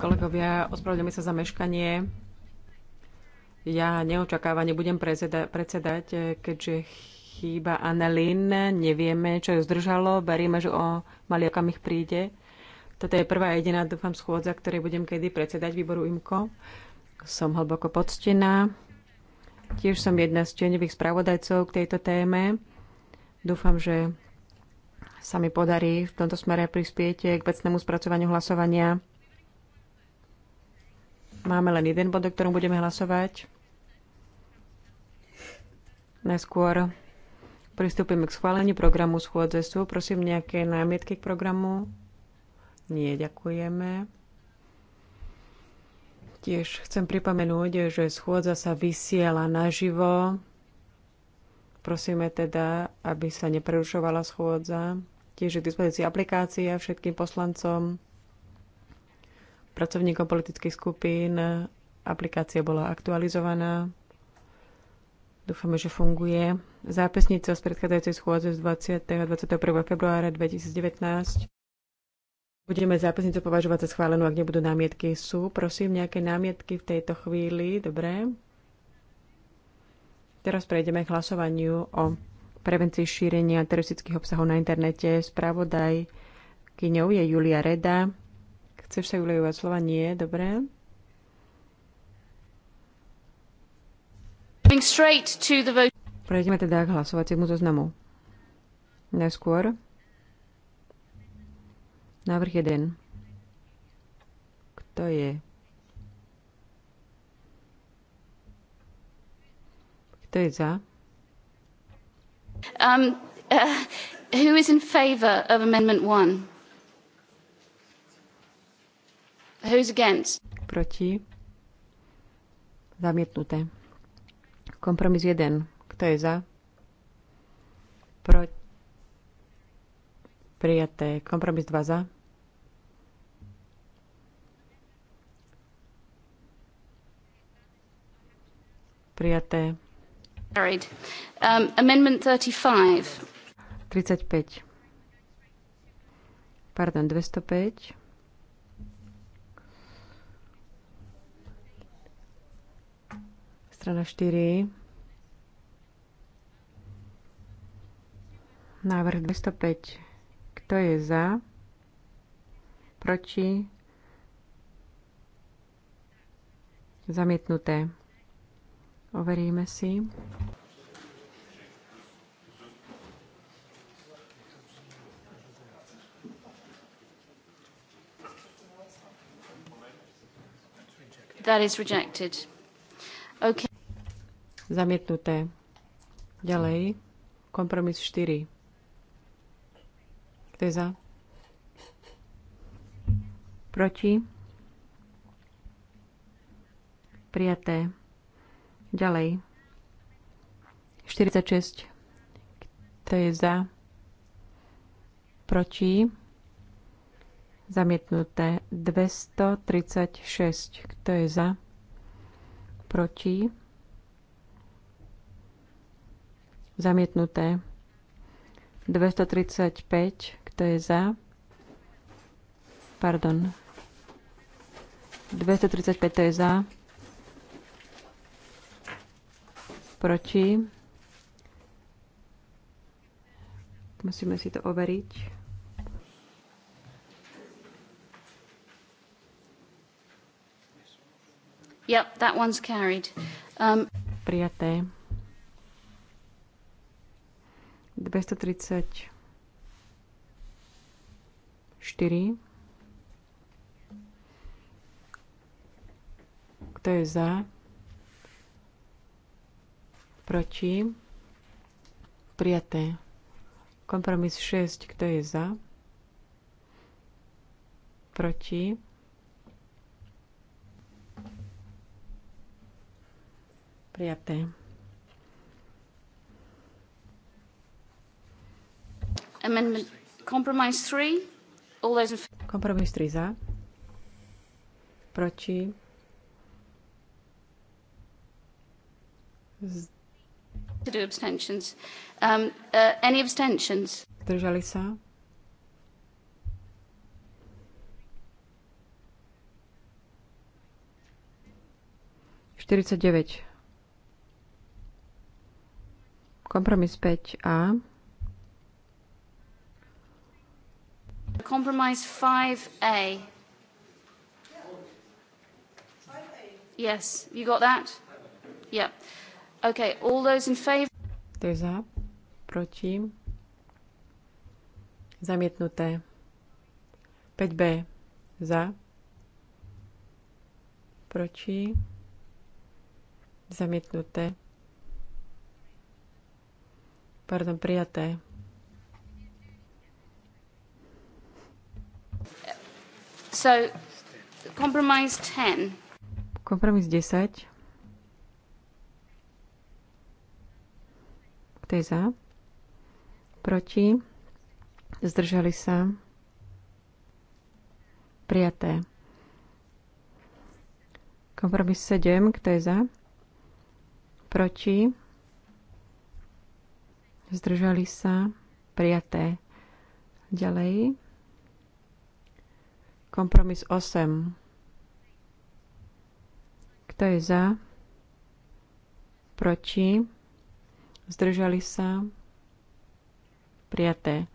Kolegovia, ospravedlňujem sa za meškanie. Ja neočakávane budem predseda- predsedať, keďže chýba Annelín. Nevieme, čo ju zdržalo. Veríme, že o malý okamih príde. Toto je prvá jediná, dúfam, schôdza, ktorej budem kedy predsedať výboru IMKO. Som hlboko poctená. Tiež som jedna z tieňových spravodajcov k tejto téme. Dúfam, že sa mi podarí v tomto smere prispieť k vecnému spracovaniu hlasovania. Máme len jeden bod, o ktorom budeme hlasovať. Neskôr pristúpime k schváleniu programu schôdze. Sú prosím nejaké námietky k programu? Nie, ďakujeme. Tiež chcem pripomenúť, že schôdza sa vysiela naživo. Prosíme teda, aby sa neprerušovala schôdza. Tiež je k dispozícii aplikácia všetkým poslancom pracovníkov politických skupín. Aplikácia bola aktualizovaná. Dúfame, že funguje. Zápisnica z predchádzajúcej schôdze z 20. a 21. februára 2019. Budeme zápisnicu považovať za schválenú, ak nebudú námietky. Sú, prosím, nejaké námietky v tejto chvíli? Dobre. Teraz prejdeme k hlasovaniu o prevencii šírenia teroristických obsahov na internete. Spravodaj kyňou je Julia Reda. Chceš sa Julia slova? Nie, dobre. Prejdeme teda k hlasovaciemu zoznamu. Najskôr. Návrh 1. Kto je? Kto je za? Um, uh, who is in favor of amendment 1? Who's against? Proti. Zamietnuté. Kompromis 1. Kto je za? Proti. Prijaté. Kompromis 2 za. Prijaté. Carried. Um, amendment 35. 35. Pardon, 205. Strana 4. Návrh 205. Kto je za? Proti? Zamietnuté. Overíme si. That is rejected. Okay. Zamietnuté. Ďalej. Kompromis 4. Kto je za? Proti? Prijaté. Ďalej. 46. Kto je za? Proti? Zamietnuté. 236. Kto je za? Proti? Zamietnuté. 235, kto je za? Pardon. 235, to je za. Proti. Musíme si to overiť. Yep, that one's carried. Um... Prijaté. 234 Kto je za? Proti? Prijaté. Kompromis 6. Kto je za? Proti? Prijaté. Amendment compromise 3. All those in... Compromise 3 za. Proti. Z... To do abstentions. Um, uh, any abstentions? Zdržali sa? Štyridsať Kompromis 5a. Compromise 5A. Yes, you got that? Yeah. Okay, all those in favor? To je za, proti, zamietnuté. 5B, za, proti, zamietnuté. Pardon, prijaté. So, compromise 10. Kompromis 10. Kto je za? Proti? Zdržali sa? Prijaté. Kompromis 7. Kto je za? Proti? Zdržali sa? Prijaté. Ďalej. Kompromis 8. Kto je za? Proti? Zdržali sa? Prijaté.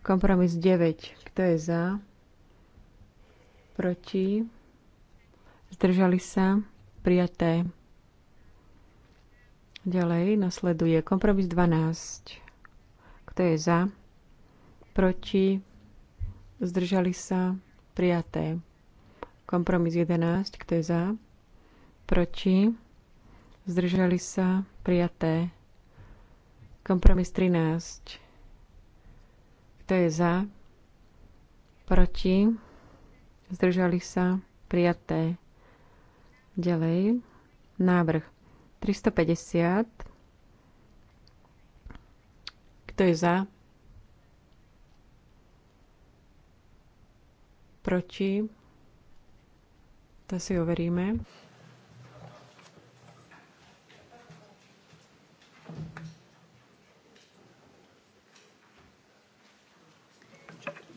Kompromis 9. Kto je za? Proti? Zdržali sa? Prijaté. Ďalej nasleduje kompromis 12. Kto je za? Proti? Zdržali sa? Prijaté. Kompromis 11. Kto je za? Proti? Zdržali sa? Prijaté. Kompromis 13. Kto je za? Proti? Zdržali sa? Prijaté. Ďalej. Návrh 350. Kto je za? proti. To si overíme.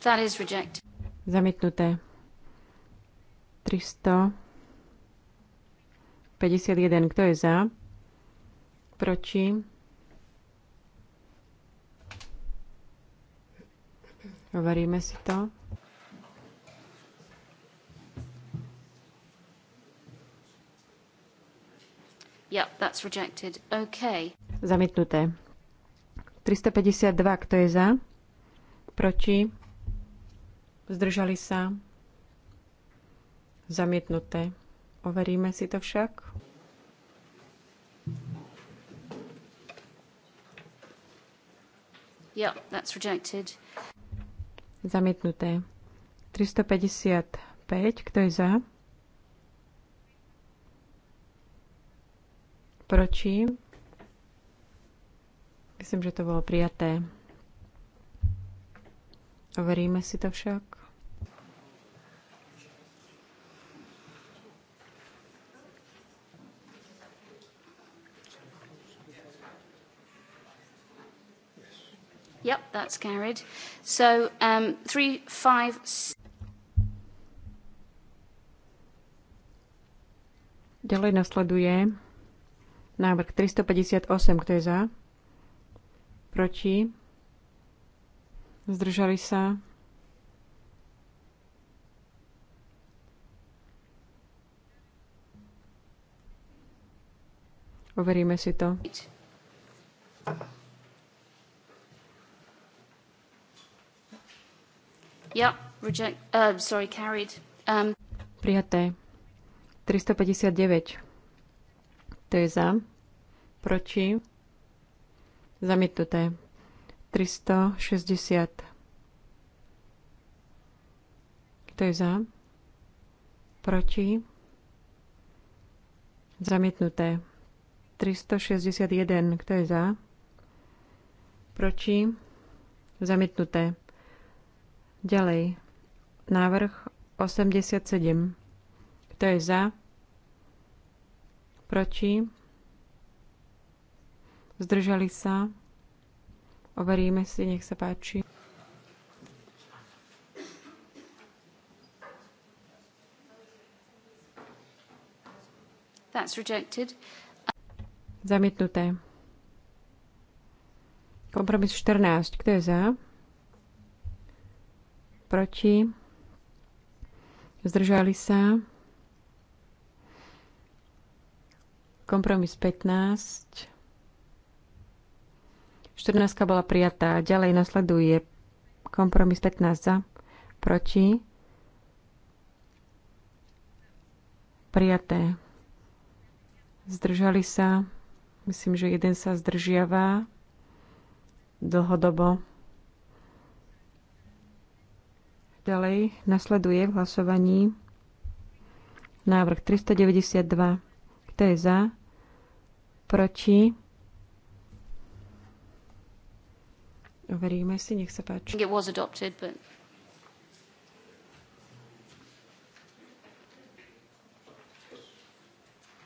That is rejected. Zamietnuté. 351. Kto je za? Proti? Overíme si to. Yep, that's rejected. Okay. Zamietnuté. 352, kto je za? Proti? Zdržali sa? Zamietnuté. Overíme si to však. Yep, that's rejected. Zamietnuté. 355, kto je za? Proti? Myslím, že to bolo prijaté. Overíme si to však. Yep, that's carried. So, um, three, five, Ďalej nasleduje Návrh 358, kto je za? Proti? Zdržali sa? Overíme si to. Yeah, reject, uh, sorry, carried. Um... Prijaté. 359. To je za proti, zamietnuté. 360. Kto je za? Proti? Zamietnuté. 361. Kto je za? Proti? Zamietnuté. Ďalej. Návrh 87. Kto je za? Proti? zdržali sa. Overíme si, nech sa páči. That's rejected. Zamietnuté. Kompromis 14. Kto je za? Proti? Zdržali sa? Kompromis 15. 14 bola prijatá. Ďalej nasleduje kompromis 15 za, proti, prijaté. Zdržali sa, myslím, že jeden sa zdržiavá dlhodobo. Ďalej nasleduje v hlasovaní návrh 392. Kto je za? Proti? Veríme si, nech sa páči. It was adopted, but...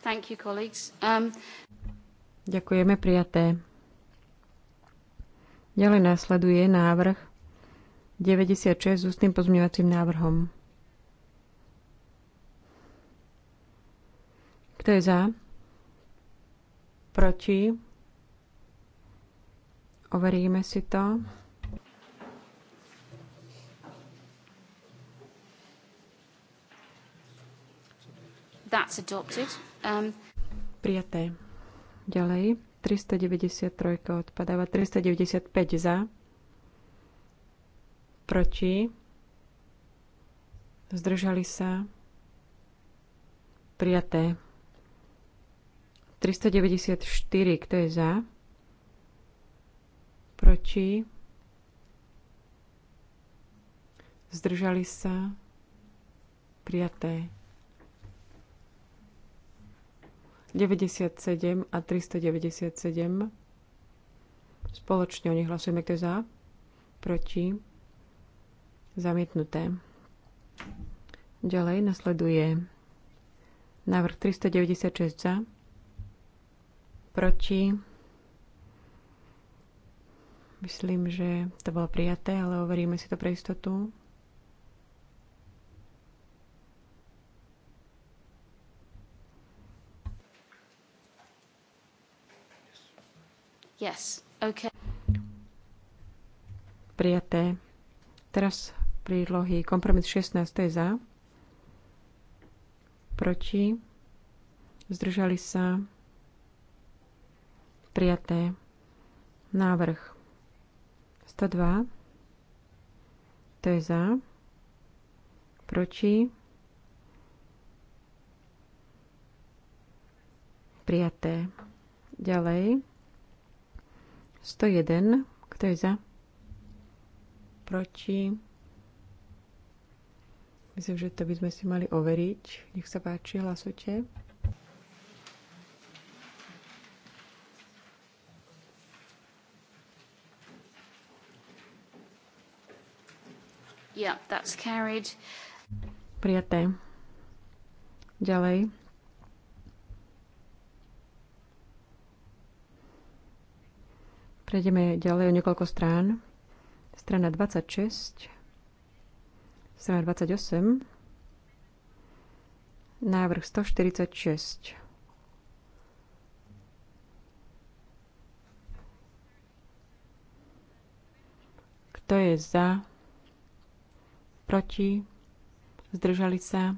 Thank you, colleagues. Um... Ďakujeme, prijaté. Ďalej následuje návrh 96 s ústnym pozmňovacím návrhom. Kto je za? Proti? Overíme si to. That's adopted. Um... Prijaté. Ďalej. 393 odpadáva. 395 za. Proti. Zdržali sa. Prijaté. 394. Kto je za? proti, zdržali sa, prijaté. 97 a 397. Spoločne o nich hlasujeme, kto je za, proti, zamietnuté. Ďalej nasleduje návrh 396 za, proti, Myslím, že to bolo prijaté, ale overíme si to pre istotu. Yes. Okay. Prijaté. Teraz prílohy kompromis 16, je za. Proti. Zdržali sa. Prijaté. Návrh 102. To je za. Proti. Prijaté. Ďalej. 101. Kto je za? Proti. Myslím, že to by sme si mali overiť. Nech sa páči, hlasujte. Yeah, that's carried. Prijaté. Ďalej. Prejdeme ďalej o niekoľko strán. Strana 26, strana 28, návrh 146. Kto je za proti, zdržali sa,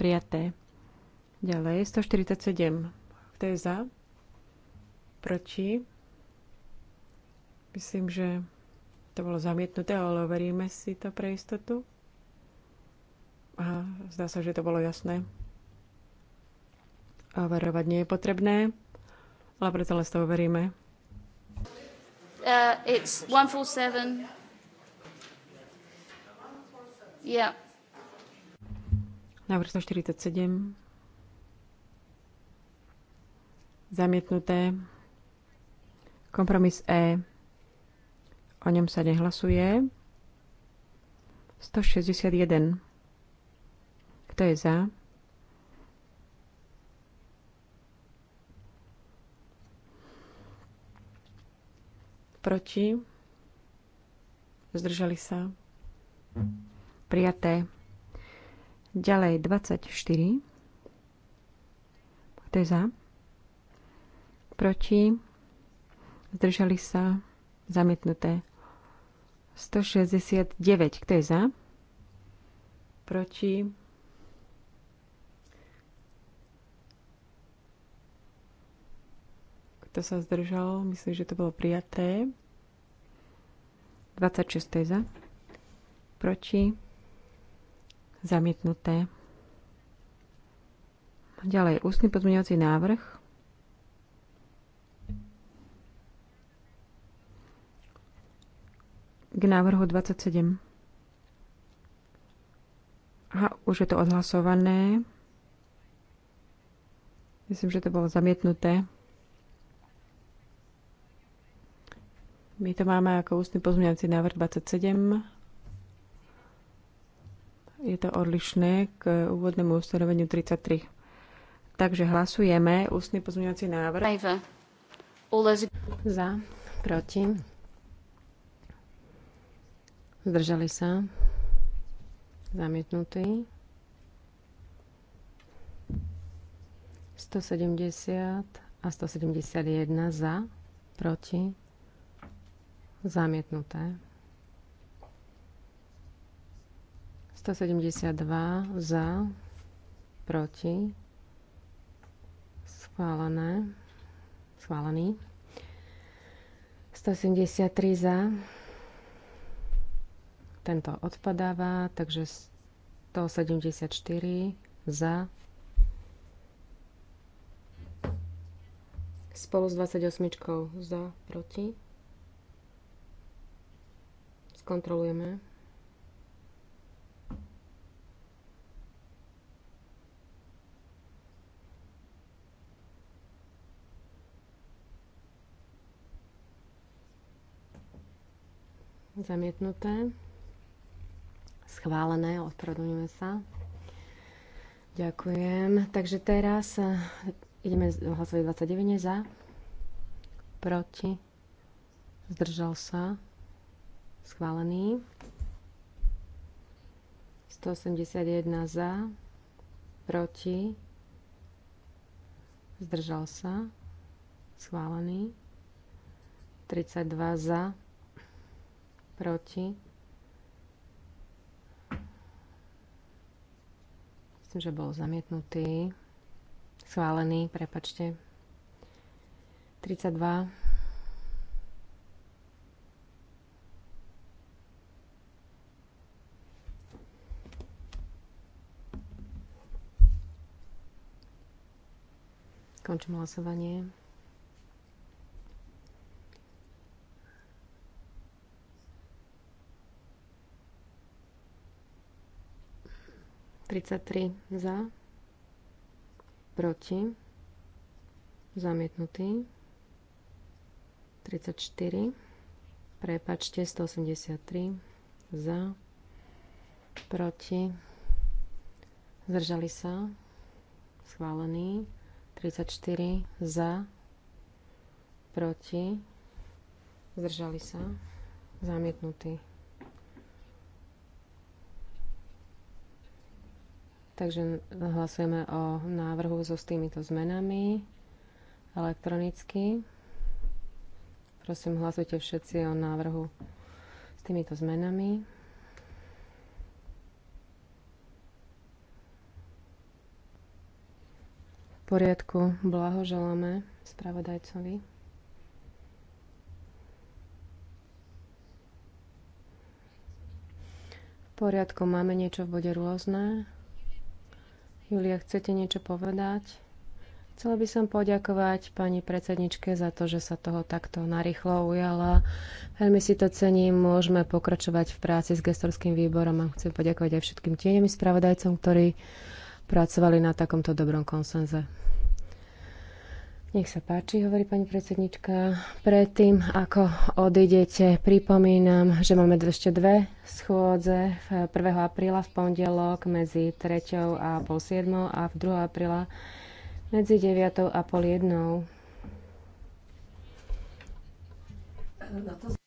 prijaté. Ďalej 147. Kto je za? Proti? Myslím, že to bolo zamietnuté, ale overíme si to pre istotu. Aha, zdá sa, že to bolo jasné. Overovať nie je potrebné, ale preto len to overíme. Uh, it's 147. Yeah. Návrh 147. Zamietnuté. Kompromis E. O ňom sa nehlasuje. 161. Kto je za? Proti? Zdržali sa? Prijaté. Ďalej 24. Kto je za? Proti? Zdržali sa? Zamietnuté. 169. Kto je za? Proti? Kto sa zdržal? Myslím, že to bolo prijaté. 26. je za. Proti? Zamietnuté. Ďalej, ústny pozmeňovací návrh. K návrhu 27. Aha, už je to odhlasované. Myslím, že to bolo zamietnuté. My to máme ako ústny pozmeňovací návrh 27. Je to odlišné k úvodnému ustanoveniu 33. Takže hlasujeme ústny pozmeňovací návrh. Za, proti. Zdržali sa. Zamietnutý. 170 a 171 za, proti, zamietnuté. 172 za, proti, schválené, schválený. 173 za, tento odpadáva, takže 174 za, spolu s 28 za, proti. Skontrolujeme. Zamietnuté. Schválené, odprodujeme sa. Ďakujem. Takže teraz eh, ideme hlasovať 29 za. Proti. Zdržal sa. Schválený. 181 za, proti, zdržal sa, schválený. 32 za, proti. Myslím, že bol zamietnutý. Schválený, prepačte. 32. Končím hlasovanie. 33 za, proti, zamietnutý. 34, prepačte, 183 za, proti, zdržali sa, schválený. 34 za, proti, zdržali sa, zamietnutý. Takže hlasujeme o návrhu so s týmito zmenami elektronicky. Prosím, hlasujte všetci o návrhu s týmito zmenami. V poriadku, blahoželáme spravodajcovi. V poriadku, máme niečo v bode rôzne. Julia, chcete niečo povedať? Chcela by som poďakovať pani predsedničke za to, že sa toho takto narýchlo ujala. Veľmi si to cením, môžeme pokračovať v práci s gestorským výborom a chcem poďakovať aj všetkým tieňom spravodajcom, ktorí pracovali na takomto dobrom konsenze. Nech sa páči, hovorí pani predsednička. Predtým, ako odídete, pripomínam, že máme ešte dve schôdze 1. apríla v pondelok medzi 3. a pol 7. a v 2. apríla medzi 9. a pol 1.